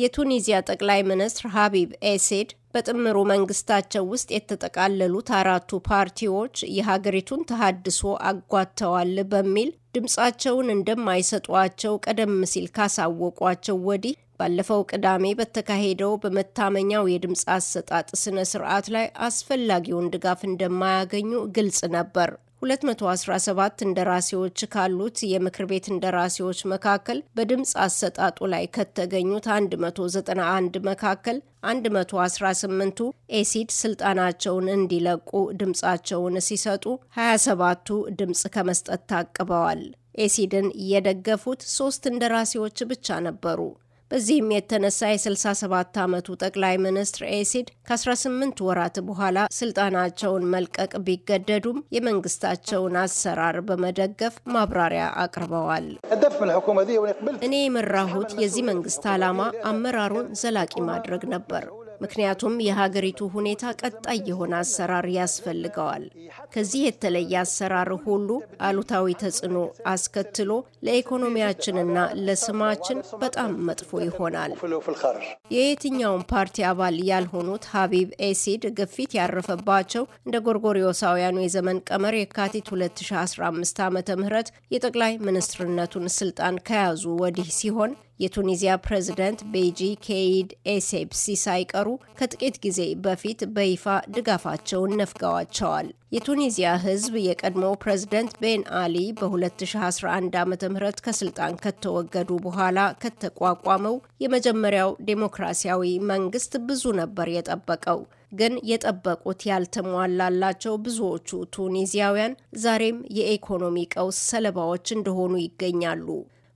የቱኒዚያ ጠቅላይ ሚኒስትር ሀቢብ ኤሴድ በጥምሩ መንግስታቸው ውስጥ የተጠቃለሉት አራቱ ፓርቲዎች የሀገሪቱን ተሃድሶ አጓተዋል በሚል ድምፃቸውን እንደማይሰጧቸው ቀደም ሲል ካሳወቋቸው ወዲህ ባለፈው ቅዳሜ በተካሄደው በመታመኛው የድምፅ አሰጣጥ ስነ ስርዓት ላይ አስፈላጊውን ድጋፍ እንደማያገኙ ግልጽ ነበር። 217 እንደራሴዎች ካሉት የምክር ቤት እንደራሴዎች መካከል በድምፅ አሰጣጡ ላይ ከተገኙት 191 መካከል 118ቱ ኤሲድ ስልጣናቸውን እንዲለቁ ድምፃቸውን ሲሰጡ 27ቱ ድምፅ ከመስጠት ታቅበዋል። ኤሲድን የደገፉት ሶስት እንደራሴዎች ብቻ ነበሩ። በዚህም የተነሳ የ67 ዓመቱ ጠቅላይ ሚኒስትር ኤሲድ ከ18 ወራት በኋላ ስልጣናቸውን መልቀቅ ቢገደዱም የመንግስታቸውን አሰራር በመደገፍ ማብራሪያ አቅርበዋል። እኔ የመራሁት የዚህ መንግስት ዓላማ አመራሩን ዘላቂ ማድረግ ነበር። ምክንያቱም የሀገሪቱ ሁኔታ ቀጣይ የሆነ አሰራር ያስፈልገዋል። ከዚህ የተለየ አሰራር ሁሉ አሉታዊ ተጽዕኖ አስከትሎ ለኢኮኖሚያችንና ለስማችን በጣም መጥፎ ይሆናል። የየትኛውም ፓርቲ አባል ያልሆኑት ሀቢብ ኤሲድ ግፊት ያረፈባቸው እንደ ጎርጎሪዮሳውያኑ የዘመን ቀመር የካቲት 2015 ዓ ም የጠቅላይ ሚኒስትርነቱን ስልጣን ከያዙ ወዲህ ሲሆን የቱኒዚያ ፕሬዝደንት ቤጂ ኬይድ ኤሴፕሲ ሳይቀሩ ከጥቂት ጊዜ በፊት በይፋ ድጋፋቸውን ነፍገዋቸዋል። የቱኒዚያ ሕዝብ የቀድሞው ፕሬዝደንት ቤን አሊ በ2011 ዓ ም ከስልጣን ከተወገዱ በኋላ ከተቋቋመው የመጀመሪያው ዴሞክራሲያዊ መንግስት ብዙ ነበር የጠበቀው። ግን የጠበቁት ያልተሟላላቸው ብዙዎቹ ቱኒዚያውያን ዛሬም የኢኮኖሚ ቀውስ ሰለባዎች እንደሆኑ ይገኛሉ።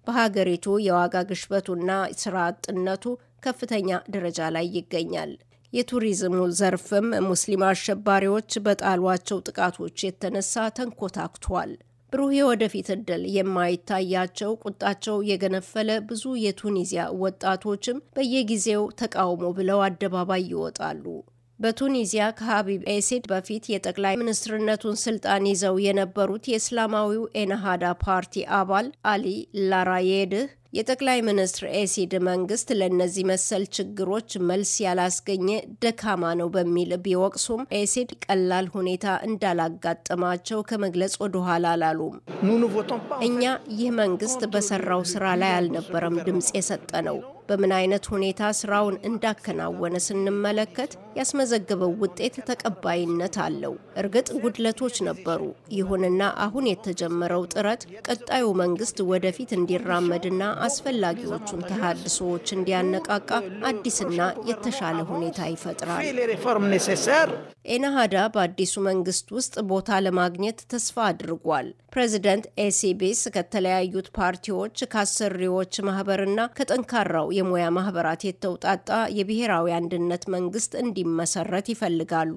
በሀገሪቱ የዋጋ ግሽበቱና ስራ አጥነቱ ከፍተኛ ደረጃ ላይ ይገኛል። የቱሪዝሙ ዘርፍም ሙስሊም አሸባሪዎች በጣሏቸው ጥቃቶች የተነሳ ተንኮታክቷል። ብሩህ የወደፊት እድል የማይታያቸው ቁጣቸው የገነፈለ ብዙ የቱኒዚያ ወጣቶችም በየጊዜው ተቃውሞ ብለው አደባባይ ይወጣሉ። በቱኒዚያ ከሀቢብ ኤሲድ በፊት የጠቅላይ ሚኒስትርነቱን ስልጣን ይዘው የነበሩት የእስላማዊው ኤነሃዳ ፓርቲ አባል አሊ ላራየድህ የጠቅላይ ሚኒስትር ኤሲድ መንግስት ለእነዚህ መሰል ችግሮች መልስ ያላስገኘ ደካማ ነው በሚል ቢወቅሱም ኤሲድ ቀላል ሁኔታ እንዳላጋጠማቸው ከመግለጽ ወደኋላ አላሉም። እኛ ይህ መንግስት በሰራው ስራ ላይ አልነበረም ድምፅ የሰጠ ነው በምን አይነት ሁኔታ ስራውን እንዳከናወነ ስንመለከት ያስመዘገበው ውጤት ተቀባይነት አለው። እርግጥ ጉድለቶች ነበሩ። ይሁንና አሁን የተጀመረው ጥረት ቀጣዩ መንግስት ወደፊት እንዲራመድና አስፈላጊዎቹን ተሃድሶዎች እንዲያነቃቃ አዲስና የተሻለ ሁኔታ ይፈጥራል። ኤናሃዳ በአዲሱ መንግስት ውስጥ ቦታ ለማግኘት ተስፋ አድርጓል። ፕሬዚደንት ኤሲቢስ ከተለያዩት ፓርቲዎች፣ ከአሰሪዎች ማህበርና ከጠንካራው የሙያ ማህበራት የተውጣጣ የብሔራዊ አንድነት መንግስት እንዲመሰረት ይፈልጋሉ።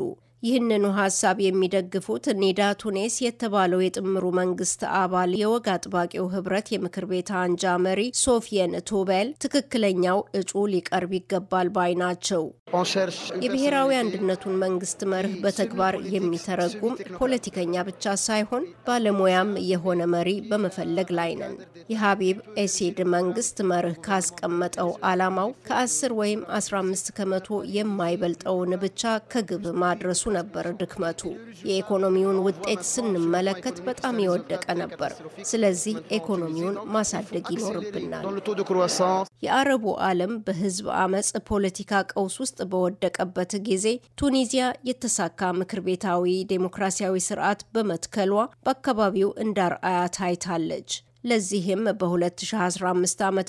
ይህንኑ ሀሳብ የሚደግፉት ኒዳ ቱኔስ የተባለው የጥምሩ መንግስት አባል የወግ አጥባቂው ህብረት የምክር ቤት አንጃ መሪ ሶፊየን ቱቤል ትክክለኛው እጩ ሊቀርብ ይገባል ባይ ናቸው። የብሔራዊ አንድነቱን መንግስት መርህ በተግባር የሚተረጉም ፖለቲከኛ ብቻ ሳይሆን ባለሙያም የሆነ መሪ በመፈለግ ላይ ነን። የሀቢብ ኤሲድ መንግስት መርህ ካስቀመጠው አላማው ከ10 ወይም 15 ከመቶ የማይበልጠውን ብቻ ከግብ ማድረሱ ነበር ድክመቱ። የኢኮኖሚውን ውጤት ስንመለከት በጣም የወደቀ ነበር። ስለዚህ ኢኮኖሚውን ማሳደግ ይኖርብናል። የአረቡ ዓለም በህዝብ አመፅ ፖለቲካ ቀውስ ውስጥ በወደቀበት ጊዜ ቱኒዚያ የተሳካ ምክር ቤታዊ ዴሞክራሲያዊ ስርዓት በመትከሏ በአካባቢው እንዳርአያ ታይታለች። ለዚህም በ2015 ዓ ም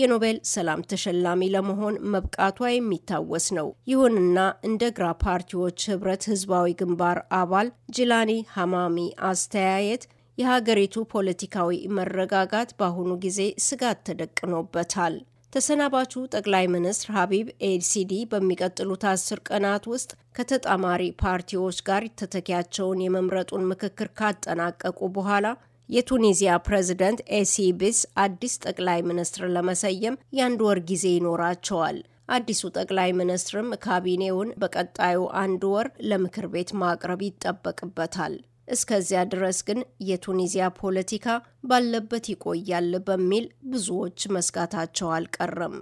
የኖቤል ሰላም ተሸላሚ ለመሆን መብቃቷ የሚታወስ ነው። ይሁንና እንደ ግራ ፓርቲዎች ህብረት ህዝባዊ ግንባር አባል ጅላኒ ሃማሚ አስተያየት የሀገሪቱ ፖለቲካዊ መረጋጋት በአሁኑ ጊዜ ስጋት ተደቅኖበታል። ተሰናባቹ ጠቅላይ ሚኒስትር ሀቢብ ኤልሲዲ በሚቀጥሉት አስር ቀናት ውስጥ ከተጣማሪ ፓርቲዎች ጋር ተተኪያቸውን የመምረጡን ምክክር ካጠናቀቁ በኋላ የቱኒዚያ ፕሬዝደንት ኤሲቢስ አዲስ ጠቅላይ ሚኒስትር ለመሰየም የአንድ ወር ጊዜ ይኖራቸዋል። አዲሱ ጠቅላይ ሚኒስትርም ካቢኔውን በቀጣዩ አንድ ወር ለምክር ቤት ማቅረብ ይጠበቅበታል። እስከዚያ ድረስ ግን የቱኒዚያ ፖለቲካ ባለበት ይቆያል በሚል ብዙዎች መስጋታቸው አልቀረም።